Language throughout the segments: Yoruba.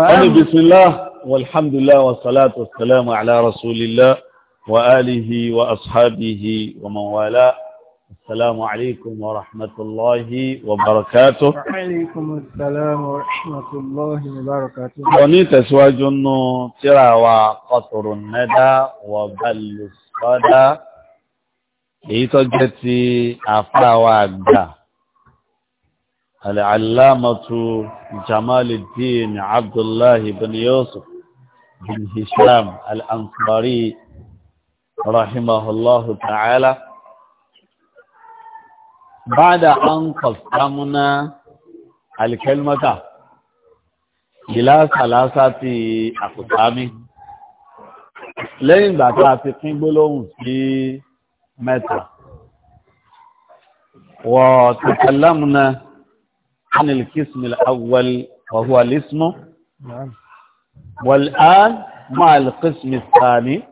ẹni bisimilá walhamdulilá wasalaatu wasalaamu ala rasulilá wa alihi wa ashabihi wa mawala asalaamu alaykum wa rahmatulahi wa barakatu. alaykum asalaam wa rahmatulahi wa barakatu. wọ́n ní tẹ̀síwájú nù tíra wa kọ́tùrù nẹ́dá wa balùsọ́dá èyí tó jẹ́ ti àfáà wa àgbà. العلامة جمال الدين عبد الله بن يوسف بن هشام الأنصاري رحمه الله تعالى بعد أن قسمنا الكلمة إلى ثلاثة أقسام لين بعد tí a ti pín gbólóhùn عن القسم الأول وهو الاسم نعم والآن مع القسم الثاني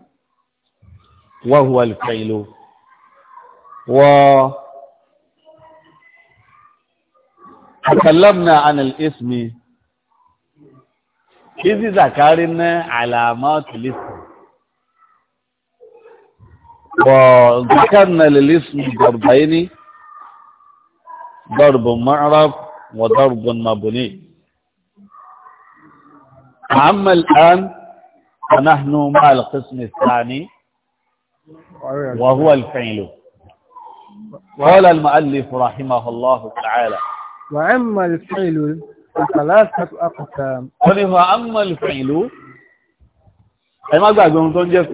وهو الفعل و تكلمنا عن الاسم إذ ذكرنا علامات الاسم وذكرنا للاسم ضربين ضرب معرف وضرب مبني أما الآن فنحن مع القسم الثاني وهو الفعل قال المؤلف رحمه الله تعالى وأما الفعل ثلاثة أقسام وأما الفعل ẹ má gbàgbé ohun tó ń jẹ́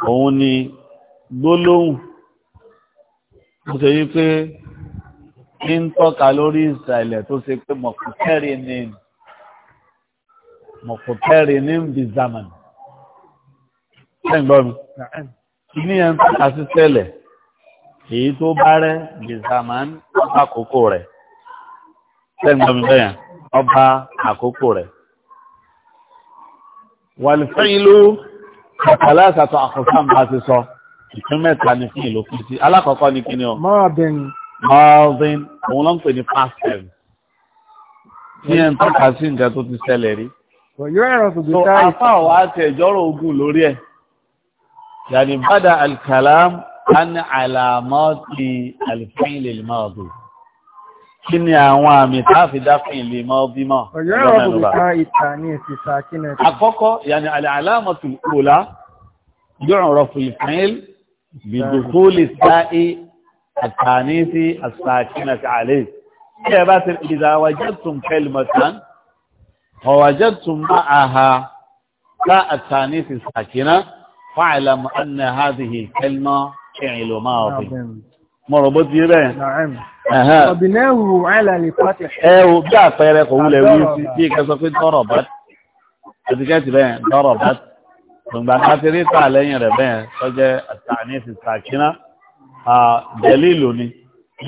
fún ìlú òun mo ṣe yí pé kí ń tọ́ka lórí ìsàlẹ̀ tó ṣe pé mọ̀kútẹ́rì ní mọ̀kútẹ́rì ní bizaman ṣẹ́ǹgbọ́n mi ní ẹ̀ ń tọ́ka sí sẹ́lẹ̀ èyí tó bá rẹ̀ bizaman ọba àkókò rẹ̀ ṣẹ́ǹgbọ́n mi bẹ́yẹn ọba àkókò rẹ̀ wàlúfẹ́ ìlú kàkàlà àtàtà àkọ́kọ́ àmì àti sọ. So ìpín mẹ́ta ni fún ìlò fún sí alákọ̀ọ́kọ́ ni kí ni ọ. mọ́ọ̀dín. mọ́ọ̀dín òun ló ń pè ní past tense. tí ẹ̀ ń tọ́ka sí nǹkan tó ti ṣẹlẹ̀ rí. yóò ẹ̀rọ tó gbé táyì. so apá ọ̀wá àti ẹ̀jọ́rọ̀ ogun lórí ẹ̀. yàní bada alkalam an alamọ́ọ̀tì alifin lè lè máa bò. kí ni àwọn àmì tá a fi dá fún ìlú mọ́ bímọ. yóò ẹ̀rọ tó gbé táyì ta ní àkọ́kọ́ yàní alamọ́ọ̀tì òlá yóò fún ìfẹ́ بدخول الساء التانيث الساكنة عليه إيه إذا وجدتم كلمة ووجدتم معها تاء التانيث الساكنة فاعلم أن هذه الكلمة فعل ماضي نعم. مربوط يبين نعم أها وبناه على لفاتح ايوه بقى طيرك هو ويسي يسي كسفين ضربت هذه كانت ضربت gbọ̀ngbà ká ti rí tà lẹ́yìn rẹ̀ bẹ́ẹ̀ tó jẹ́ àtàní ti sàkínà jẹ́lí ìlú ni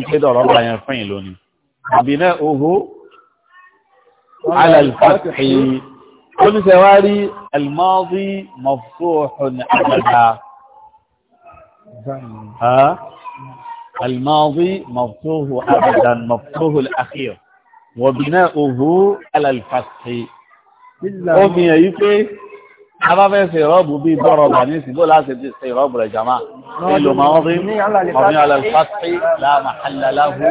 ike dọ̀rọ̀ bá yẹn fún ìlú ni àbínẹ́ ohu alàlùfàtì ó ní sẹ wá rí almadi mafsuhun abadan mafsuhu al-akhir wọ̀bínẹ́ ohu alàlùfàtì ó pé abáfẹ́ ṣe ìrọ́bù bíi bọ́rọ̀ bà ní ìsìnkú láti ti ṣe ìrọ́bù rẹ̀ jama nílò máa ń rí ọ̀rìn alàlùfáàtì láàmà àlàláhù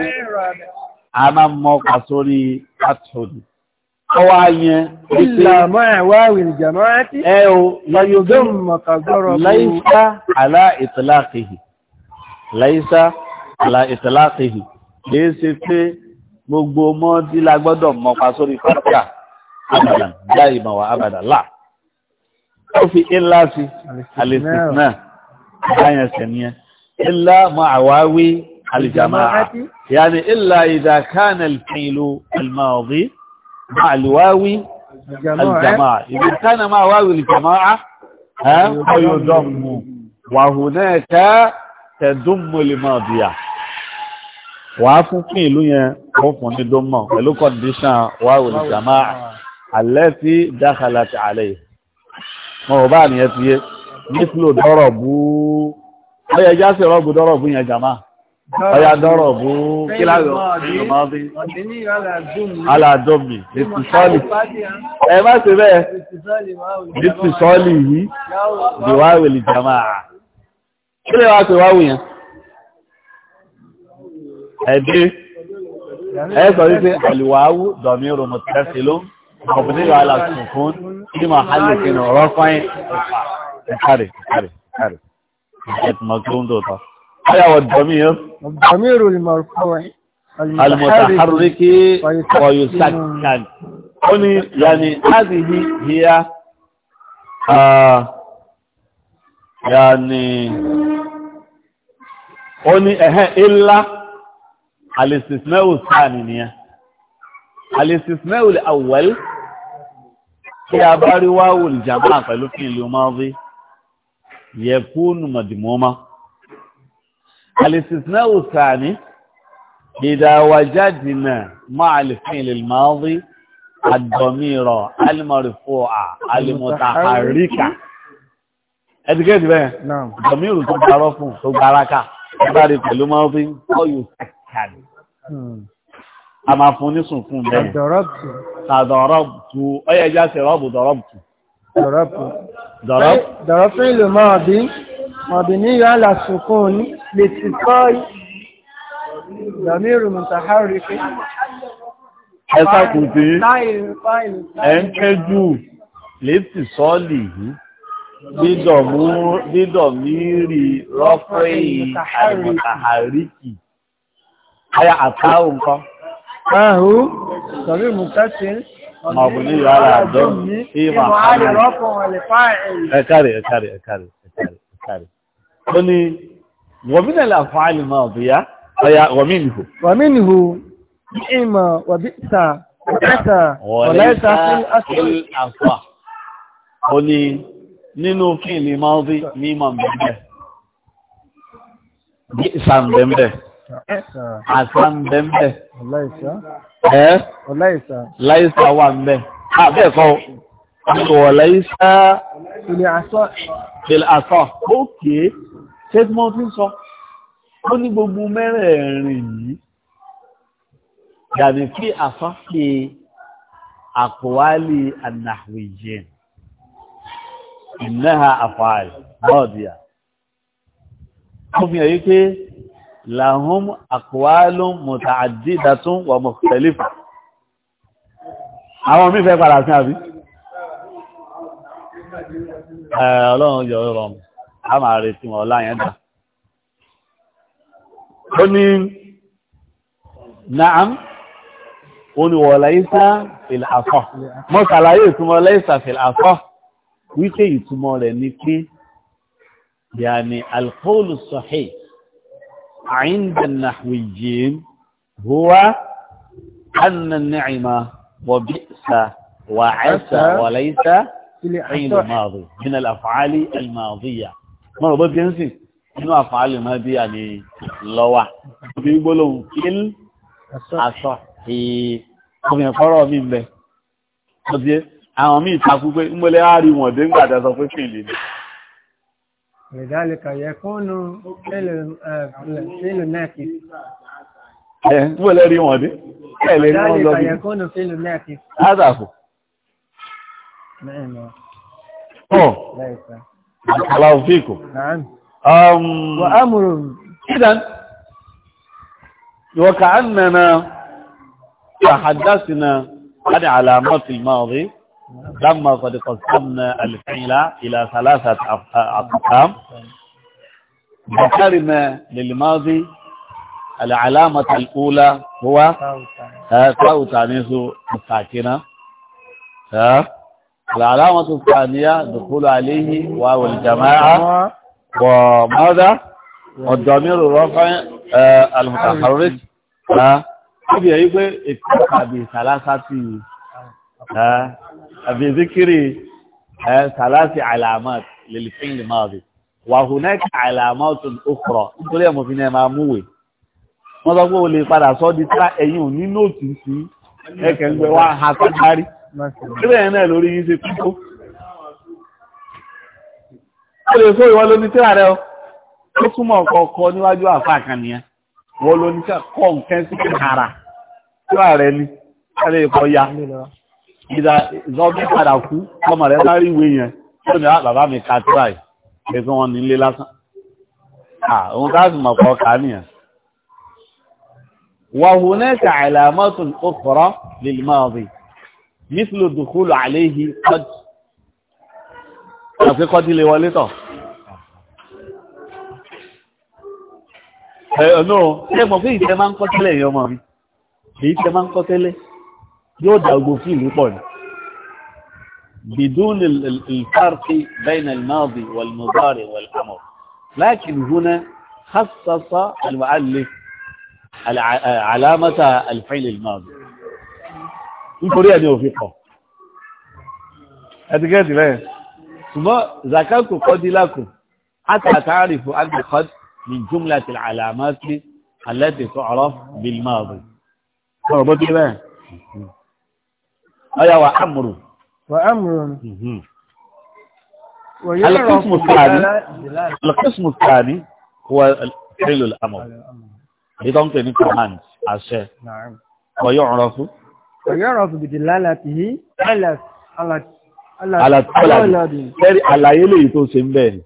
a máa ń mọ pàtórí pàtórí. ọwọ́ ayẹ ìlàmọ́ ẹ̀wà ìjàmọ́ àti ẹ̀yọ́gẹ́ mọ̀kàgọ́rọ̀ láìsá àlá ìtìláàkìhì láìsá àlá ìtìláàkìhì kìí ṣe pé gbogbo mọ́ọ́dí la gbọ́dọ̀ mọ pàtórí fàtíà abadan dáìmọ̀ wà láà في إلا في الاستثناء حين السنية إلا مع واوي الجماعة يعني إلا إذا كان الفعل الماضي مع الواوي الجماعة إذا كان مع واوي الجماعة ها فيضم وهناك تضم الماضية وعفو فيه لنيا وفو ولو كنت ديشان واو الجماعة التي دخلت عليه wọn ò bá nìyẹn ti yé nífúlò dọ́rọ̀ bú ọyẹ ẹja sí rọ́ọ̀bù dọ́rọ̀ bú yẹn jàmá ọyà dọ́rọ̀ bú kíláàgọ̀ ìlúmọ́bí aládọ́mì ìtìsọ́lì ẹ má ṣe bẹ́ẹ̀ ìtìsọ́lì yìí ìwáwèlì jàmá kí lè wá ṣe wáwù yẹn ẹ̀dí ẹ sọ wípé àlìwáwù dọ̀mí rò مبني على السكون في محل كن رفع حرف حرف حرف مظلوم دوتا هيا والضمير الضمير المرفوع المتحرك ويسكن هنا يعني هذه هي آه يعني هنا الا الاستثناء الثاني alisismẹ́wìl awẹ́l tí a bá rí wáwùl jàmá pẹ̀lú fi ìlú mọ́rí yẹ kúnnù mọ̀dìmọ́mọ́ alisismẹ́wìl sàní ìdáwàjáde náà máa alifin ìlú mọ́rí àdọ̀mírọ̀ alimọ̀rìfọ́à alimọ̀tàháríkà ẹ̀dìkẹ́dì bẹ́ẹ̀ àdọ̀mírù tó gbarọ́ fún tó gbaraka ẹ̀bá rí pẹ̀lú mọ́rí ọ̀yọ̀ kàkàdì a máa fún ní sùnkún bẹ́ẹ̀. Dọ̀rọ̀bù. Ọyẹ ẹja ṣe rọ́bù dọ̀rọ̀bù. Dọ̀rọ̀bù. Dọ̀rọ̀bù ìlú máa bí ọ̀bì ní yọ àlàsùnkún lè ti kọ́ ìdàmírù mùtàhárì pé. Ẹ sákùn tí ẹ ń pẹ́ jù létí sọ́ọ̀lì yìí. Dídọ̀ mírì rọ́pẹ́ ìmùtàhárì kì. Aya àtàwọn nǹkan. Ẹ̀hú, sọ̀rí mùtẹ́sí Mọ̀bùlí ara àjọ sí Màhálì. Ẹ̀kàrẹ̀ ẹ̀kàrẹ̀ ẹ̀kàrẹ̀ ẹ̀kàrẹ̀. Ó ní, wọ̀mínà làfáàlì máa bìyà, ọya wọ̀mínìhù. Wọ̀mínìhù, ní ìmọ̀ wọ̀bíta, ọ̀lẹ́ta, ọ̀lẹ́ta sí àṣà. Ó ní, nínú fíìlì máa bí mímọ̀ àṣà ń bẹ ń bẹ ẹ́ láìsà wà ń bẹ ah, bẹ́ẹ̀ kọ́ ọ̀rọ̀ láìsà ilẹ̀ àṣà ókè ṣé tí mo ti ń sọ ó ní gbogbo mẹ́rẹ̀ẹ̀rin yìí yàní kí àfáfẹ́ àkọwálì ànàwìyẹn ìnáha àfààlì náà dìyà. Ó fi hàn yí pé lahum aqwalun muta'addidatun wa mukhtalifa àwọn mífẹ́ padà sí àbí ọlọ́run yọ ọ̀rọ̀ a máa retí wọn láyẹn dà ó ní na'am ó ní wọ̀lá ìsá fìlàfọ́ mọ́ sàlàyé ìtumọ̀ lẹ́ìsà fìlàfọ́ wípé ìtumọ̀ rẹ̀ ní pé yàní alkóòlù sọ̀hẹ́ عند النحويين هو أن النعمة وبئس وعسى وليس حين الماضي من الأفعال الماضية ما هو بس ينسي إنه أفعال الماضية يعني لوا بيقولون كل أصحي ọmọ ẹ̀fọ́rọ̀ mi ń bẹ ọdí àwọn míì takú pé ń gbọ́lẹ́ àárín wọ̀n dé ń gbàdá pé fìlì ni لذلك يكون فيل فعل آه، ناقص ايه ولا ري إيه، لذلك يكون فيل ناقص هذا هو نعم اوه ليس الله فيكم نعم أم وأمر إذا وكأننا تحدثنا عن علامات الماضي ثم قد قسمنا الفعل إلى ثلاثة أقسام ذكرنا للماضي العلامة الأولى هو تاو تانيث الساكنة العلامة الثانية دخول عليه واو الجماعة وماذا والضمير الرفع آه، المتحرك ها يبقى اتبع بثلاثة àbí zikiri ẹ sàlásì alamat lèlìfín lè máa bì wà hùnẹ́kì alamat òkùrọ̀ nítorí ẹ̀ mo fi ní ẹ máa múwe wọ́n sọ pé o lè padà sọ di tíra ẹ̀yìn òní nóòtù sí ẹ̀kẹ́ ń gbẹ wá àtàkárí síbẹ̀ yẹn náà lórí yín ṣe kúkú. ó lè sọ ìwọ lóní tíra rẹ o ó túmọ̀ kọ̀ọ̀kan níwájú àfa kan nìyẹn wọ́n lóní tíra kọ́ nǹkan sí ara tíra rẹ ni ká lè kọ́ ya ìdá ìzọ́bí padà kú ọmọ rẹ̀ bá rí ìwé yẹn tó ní ah, bàbá mi ka tíra ẹ̀ ẹ̀sùn wọn nílé lásán àwọn káàsì mọ̀ ká nìyẹn wàhùn náà kà àìlàmọ́tún lèlmọ́ọ̀bì mísìlò dùkúlù àléhì kọ́dì àti kọ́dì lè wọlé tọ̀ ẹ̀ẹ́nù ẹ̀mọ̀ fún ìtẹ́ máa ń kọ́ yọmọ mi èyí máa ń kọ́ يو داغو في ليبون بدون الفرق بين الماضي والمضارع والامر لكن هنا خصص المؤلف علامه الفعل الماضي الكوريه دي وفيقه اتجادي ليه ثم ذكرت قد لكم حتى تعرفوا ان قد من جمله العلامات التي تعرف بالماضي ربطي بقى ọ̀yà wà ámùrù. wà ámùrù ni. alqismu thani alqismu thani huwa fi'lu al-amr èyí tó ń pè ní command àṣẹ ọ̀yọ́ ọ̀rọ̀ fún. ọ̀yọ́ ọ̀rọ̀ fún bìtì lálàtì yìí alàtọ́làdì kẹ́rì àlàyé lèyí tó ṣe ń bẹ̀ ni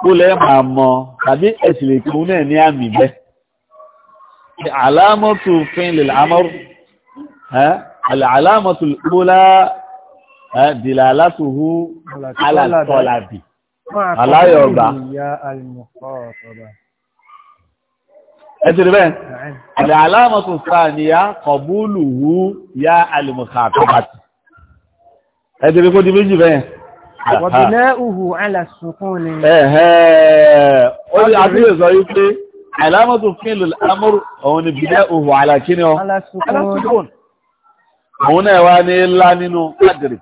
kó lẹ́ máa mọ tàbí ẹ̀sìn lè kún náà ní àmì bẹ́ẹ̀ alámọ́tò fún ilẹ̀ amọ́rù àlàámọ̀tò lọ́lá dìlàlátòhù alàtọ́làbì aláyọ̀gbà. Ẹ ti rí bẹ́ẹ̀? Àlàámọ̀tò sáàníyá kọ̀búlùhù yá alìmọ̀kàtọ́bàtì. Ẹ ti rí kó di méjì bẹ́ẹ̀? Wọ̀bìnẹ́ uhù alàsùnkún ni. Ẹ̀hẹ́ ó ní àdúgbò sọ yí pé àlàámọ̀tò fílù amúrù òun ni bìnẹ́ uhù alàkíní Alàsùnkún òun náà wá ní ńlá nínú kádìrì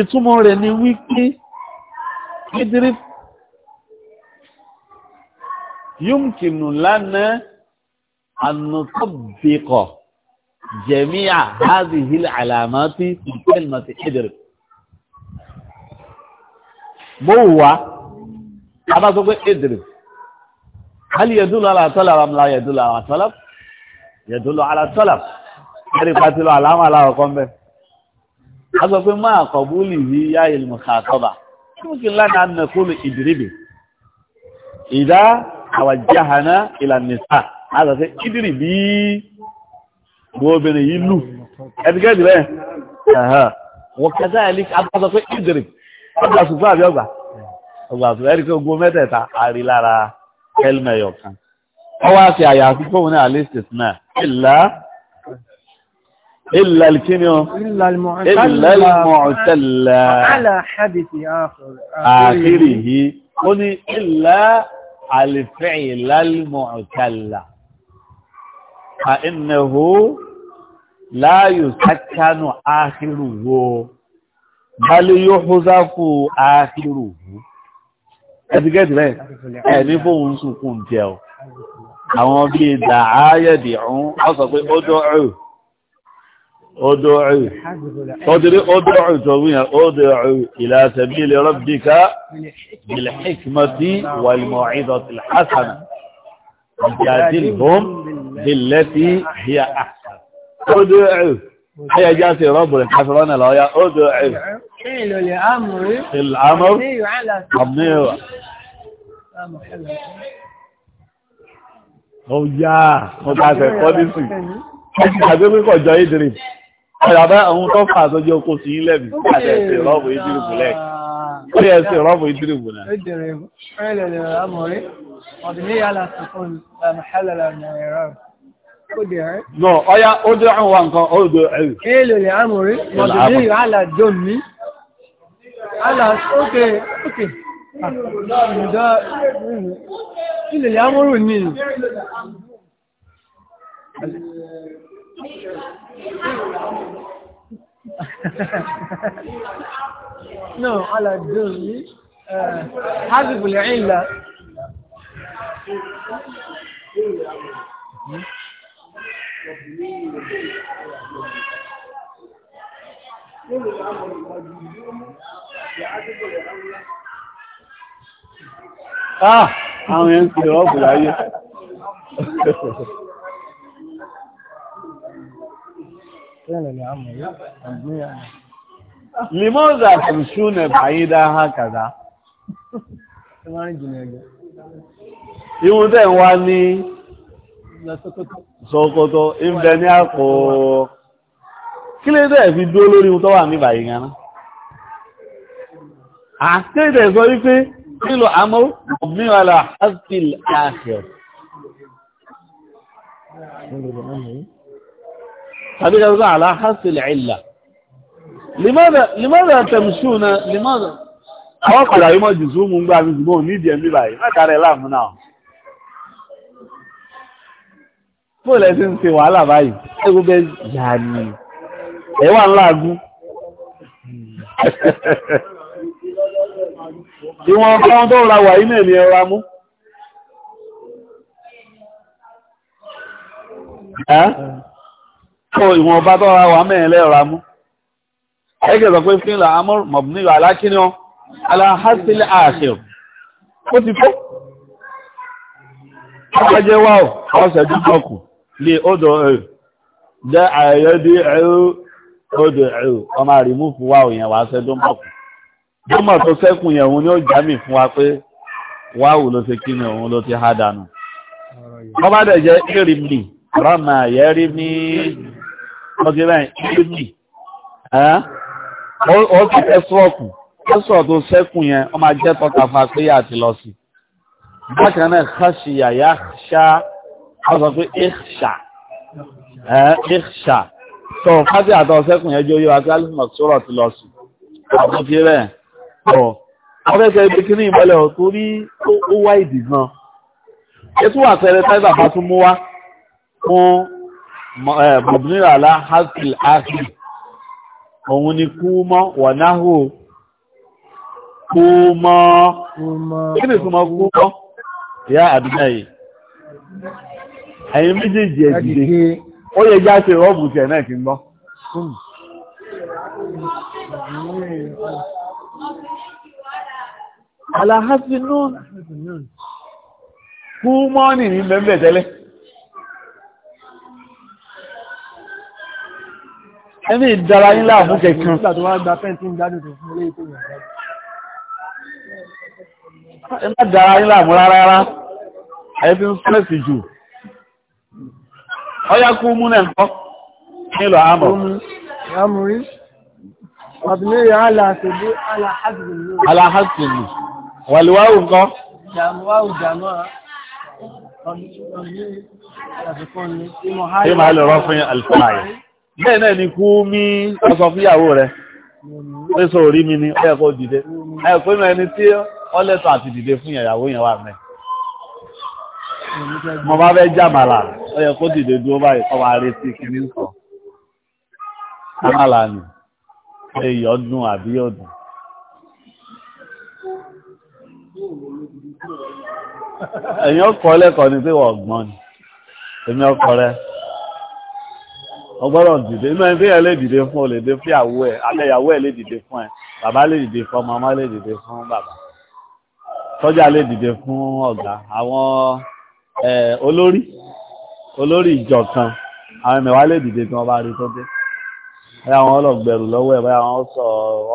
ìtumọ̀ rẹ̀ ni wípé kídìrì yúmkìnù lánàá ànùtọ́bìkọ̀ jẹ̀míà hadhihi al-alamati fi kalimati kídìrì bó wà a bá sọ pé kídìrì hal yadullu ala talab am la yadullu ala talab yadullu ala ẹ̀rí pàtí lọ àlámà aláwọ̀kọ́ ń bẹ̀. a sọ pé máa kọ̀búlì yí yá ìlmù kàtọ́bà kí mú kí ńlá náà nà kúlù ìdìríbì ìdá àwàjáhàná ìlànìsà a sọ pé ìdìríbì gbóbìnrin yìí lù ẹ̀dìgẹ́dì rẹ̀ wọ́n kẹta ẹ̀lí a sọ pé ìdìríbì ọgbà sùfà àbí ọgbà ọgbà sùfà ẹ̀rí pé gbó náà ìlà إلا الكنيو إلا المعتلى على حدث آخر آخره قل إلا الفعل المعتلى فإنه لا يسكن آخره بل يحذف آخره ẹ̀dìgẹ́dì rẹ̀ ẹ̀ní fóun sùkún jẹ́ ọ àwọn bí dàáyẹ̀dì ọ̀hún ادعي ادري ادعي ادعي الى سبيل ربك بالحكمة والموعظة الحسنة جادلهم بالتي هي احسن ادعي هي جاتي رب الحسنة لا يا ادعي فعل لامر الامر مبني على ó او wọ́n bá tẹ̀ kọ́ ní sí i àti Ọ̀yàbá àwọn tó fà tó jẹ́ okó sí ilẹ̀ mi, àti ẹ̀sẹ̀ rọ́bù ìdírùbù lẹ́ẹ̀. Ó ah. yẹ ẹ̀sẹ̀ rọ́bù ìdírùbù náà. Ó jẹrẹ ẹ̀rẹ̀lẹ̀ àmọ̀rí, ọ̀dún ní yàrá sọ̀kún àmàhálàlà um, nàìjíríà. Ó dẹ̀rẹ̀. Nọ̀ ọya ó dẹ̀ àwọn wa nǹkan ó dẹ̀ ẹ̀rù. Èèlò lè àmọ̀rí, ọ̀dún ní yàrá jọ̀n ní. Àlà ókè ókè. Ǹjọ́ ilẹ̀ àmọ̀rù ni. no على الدغري آه، حاسب العلة كل الأمر آه عم ينسي رب العيش limonza kamshuna baida hakaza ihun tẹ́ ń wá ní Sókótó ìbẹ̀ ní àpò kí lè dẹ̀ fi dúró lórí ohun tó wà ní báyìí gan-an àti ìdẹ̀ sọ wípé nílò àmọ́ mọ̀míwàlá hásìl àṣẹ هذه الأوضاع على حس العلة لماذا لماذا تمشون لماذا أوقع لا يوم جزوم ونبع نزبون نيدي أمي باي ما كاري لا منا فولا سنسي وعلا باي أقول بي يعني أيوان لا أقول ìwọ̀n kan tó ra wà inú ẹ̀mí ẹwà mú ẹ́ tó ìwọ̀n bá tọ́ra wà mẹ́rin lẹ́ọ̀ra mú ẹgbẹ̀ sọ pé fílà amọ́ mọ̀bùnú alákíní ọ aláhásílẹ̀ àṣẹ̀ọ̀ ó ti tó ọjọ́ wà ọ̀sẹ̀ dúkọ̀kù lè ọdọ̀ ẹ̀rù jẹ́ àyẹ́dí ẹ̀rù ọdọ̀ ẹ̀rù ọmọ àrímú fún wa òyìn wà sẹ́ dúkọ̀kù dúmọ̀ tó sẹ́kùn yẹn òun ni ó jámì fún wa ọdún náà ìdí ó ti fẹ́ sọ́ọ̀kù kẹ́sọ̀ tó sẹ́kùn yẹn ó máa jẹ́ tọ́ka fún apéyà àti lọ sí bákan náà káṣíyà yá ṣá ó sọ pé ìṣà ìṣà tó fásitì àtọ́ sẹ́kùn yẹn jó yóò àti alùpùpù sọ̀rọ̀ ti lọ sí àbókí rẹ̀ ọ̀ ọ̀fẹ́sẹ̀ ibi kíní ìmọ̀lẹ̀ ọ̀ torí ó wá ìdì gan ètò àpẹẹrẹ táìsà bá tún mú wá fún mọ̀bìnrin eh, àlá haskell ahim òun ni kú mọ́ wọ̀náhù kú mọ́ kí ni súnmọ́ kú mọ́ ìyá àdúgbà yìí ẹ̀yin méjèèjì ẹ̀dìdè ó yẹ já ṣe rọ́ọ̀bù tẹ̀ náà kí n gbọ́ àlá haskell náà kú mọ́ nìyí bẹ́ẹ̀ bẹ́ẹ̀ tẹ́lẹ̀ ẹbí ìdára yín láàbù kẹ̀kan. ẹ má dára yín láàbù rárá rárá ayé fi ń fẹ́ẹ̀sì jù ọyá kú mú náà kọ́ nílò àmọ̀. àmúrí àbúlé aláàṣẹ́bí aláhásìlì. aláhásìlì wàlúwáwù nǹkan. jàmúwáwù jàmọ́ ọ̀gbìn aláṣẹ́kọ́ ni. ìmọ̀ ha lè rọ́ fún alfààyè bẹ́ẹ̀ náà ni kú mí ọsọ fúyàwó rẹ̀ pé sọ orí mi ni ó yẹ kó dìde ẹ pé mọ ẹni tí ó lẹ́tọ̀ àti dìde fún ìyàwó yẹn wà mẹ́ mo bá fẹ́ jàmàlà ó yẹ kó dìde dúró báyìí kọ́ máa retí kíní sọ jàmàlà ni èyí ọdún àbí ọdún. ẹ̀yin ọkọ̀ lẹ́kọ̀ọ́ ni pé wọ́n gbọ́n ni èmi ọkọ̀ rẹ̀ ọgbọ́dọ̀ dìde inú ẹni téèyàn lè dìde fún ọ lè dìde fún ìyàwó ẹ àtẹ̀yàwó ẹ lè dìde fún ẹ bàbá lè dìde fún ọmọ ọmọ lè dìde fún bàbá ṣọ́jà lè dìde fún ọ̀gá àwọn olórí olórí ìjọ kan àwọn ẹ̀mẹ̀wá lè dìde tí wọ́n bá rí tó dé báyà wọn ọlọ́gbẹ̀rù lọ́wọ́ ẹ̀ báyà wọn sọ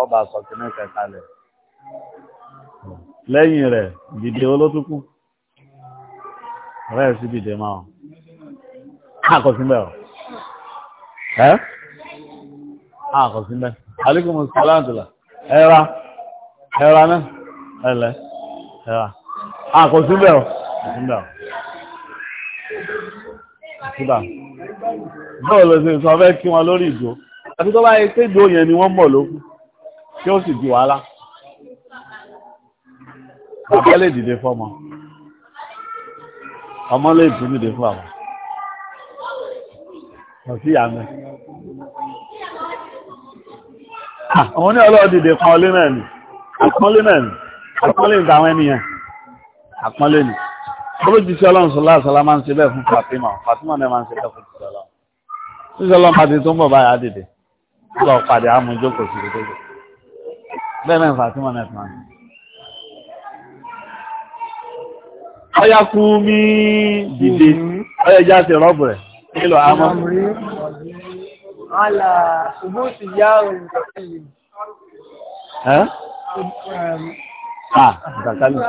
ọba sọ kí ní kẹta lẹ̀ lẹ́yìn rẹ̀ dìde olótùkù ọ̀rẹ́ ẹ̀ sì dìde máa àkọsílẹ̀ ọ̀. ẹ́ àkọsí mẹ́ alíkùnmù sàlántìlá ẹ̀rà ẹ̀rà náà ẹ̀lẹ́ ẹ̀rà àkọsí mẹ́ ọ̀ àkọsí mẹ́ ọ̀ síbà bọ́ọ̀lù sí sọ fẹ́ kí wọn lórí àti tó bá yẹ pé yẹn ni wọ́n mọ̀ lókù ó sì di wàhálà bàbá lè dìde àwọn ní ọlọ́dìdè kan ọlé náà ni àpọ́nlé náà ni àpọ́nlé ní àwọn ènìyàn àpọ́nlé ni olójúṣe ọlọ́run sọlá àṣọlá máa ń ṣe bẹ́ẹ̀ fún Fatima Fatima náà máa ń ṣe bẹ́ẹ̀ fún ìṣọlá ṣíṣe ọlọ́run pàdé tó ń bọ̀ báyà dìde lọ pàdé àmójókòó sí ìdíje bẹ́ẹ̀ náà Fatima náà máa ń ṣe. ọya kú mí dìde ọya jáde rọ́bù rẹ̀ nílò àmọ́ على ثبوت الياء المتكلم ها؟ Ah, ìtàkálù.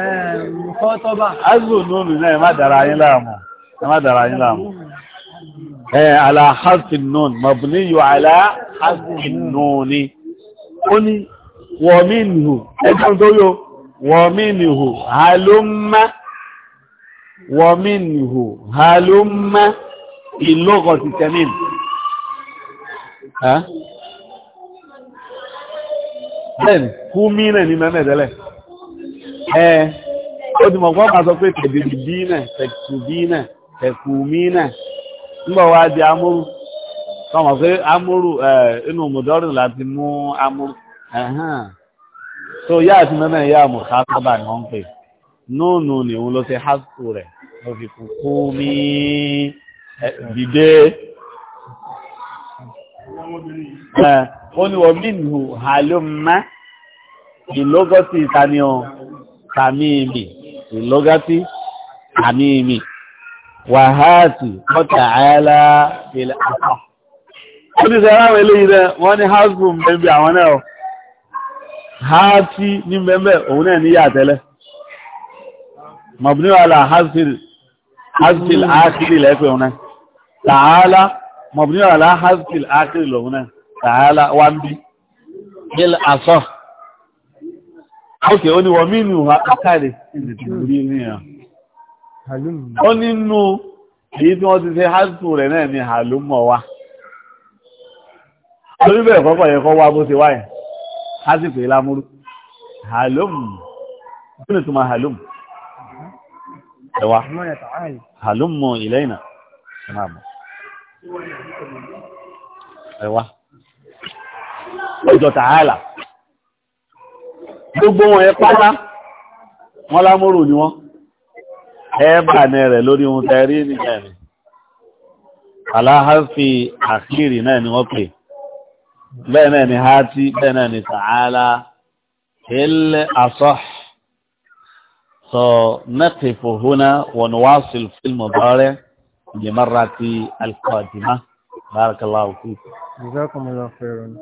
Ẹ̀mùkọ́ tọ́bà. Azù lónù náà ẹ má dára yín láàmú. Ẹ má dára yín láàmú. Ẹ àlà harfin nùn, mọ̀bùnì yóò àlà harfin nùn ni. Ó ní wọ̀mí nìhù, ẹjọ́ tó yóò, wọ̀mí nìhù, halómá. Wọ̀mí nìhù, halómá, ìlọ́gọ̀ ti tẹ̀mí. ha then kumi na ni na nedele eh odi mo gba so pe te bi bi na te ku bi na te kumi na mbo wa di amuru ka mo amuru ịnụ inu mo dorin lati mu amuru eh so ya ti na na ya mo ka ta ba no pe no no ni wo lo se hasure o fi ku kumi bi ó ní wọ́n mínú àlùmá ìlógọ́tì ìtàníọ̀ tàmíìmì ìlógọ́tì tàmíìmì wàhátì ọ̀tà àyálà ilẹ̀ àpá. ó ti sẹ́ra àwọn eléyìí rẹ̀ wọ́n ní hasbro mẹ́bí àwọn náà ọ̀ hátì ní mẹ́mẹ́ òun náà níyà tẹ́lẹ̀ mọ̀bùnú àlà hasbro hasbro àkìlì òun náà tààlà mọ̀bìnrin àlá haskil akiri lòun náà tààlà wá ń bí il asọ́ ókè ó ní wọ́n mínú akáàdì ìdìtìrí ní ẹ̀ ó nínú èyí tí wọ́n ti ṣe haskil rẹ̀ náà ni halumọ̀ wa torí bẹ́ẹ̀ kọ́kọ́ yẹ kọ́ wá bó ṣe wáyé haskil ìlàmúrú halum kí ni túmọ̀ halum ẹ̀wà halum mọ̀ ilẹ̀ ẹ wá ọjọ́ tààlà gbogbo wọn ẹ pátá wọ́n lámúrù ni wọ́n ẹ̀ẹ́bà ní rẹ̀ lórí ohun tẹ́rí ní ẹ̀rìn aláháfí àkírí náà ni wọ́n pè bẹ́ẹ̀ náà ni hátí bẹ́ẹ̀ náà ni tààlà ilẹ̀ asọ́ sọ mẹ́kẹ̀fọ̀ húnná wọ̀nwásìl fílmù bọ́rẹ́ لمرة القادمة بارك الله فيك جزاكم الله خيرا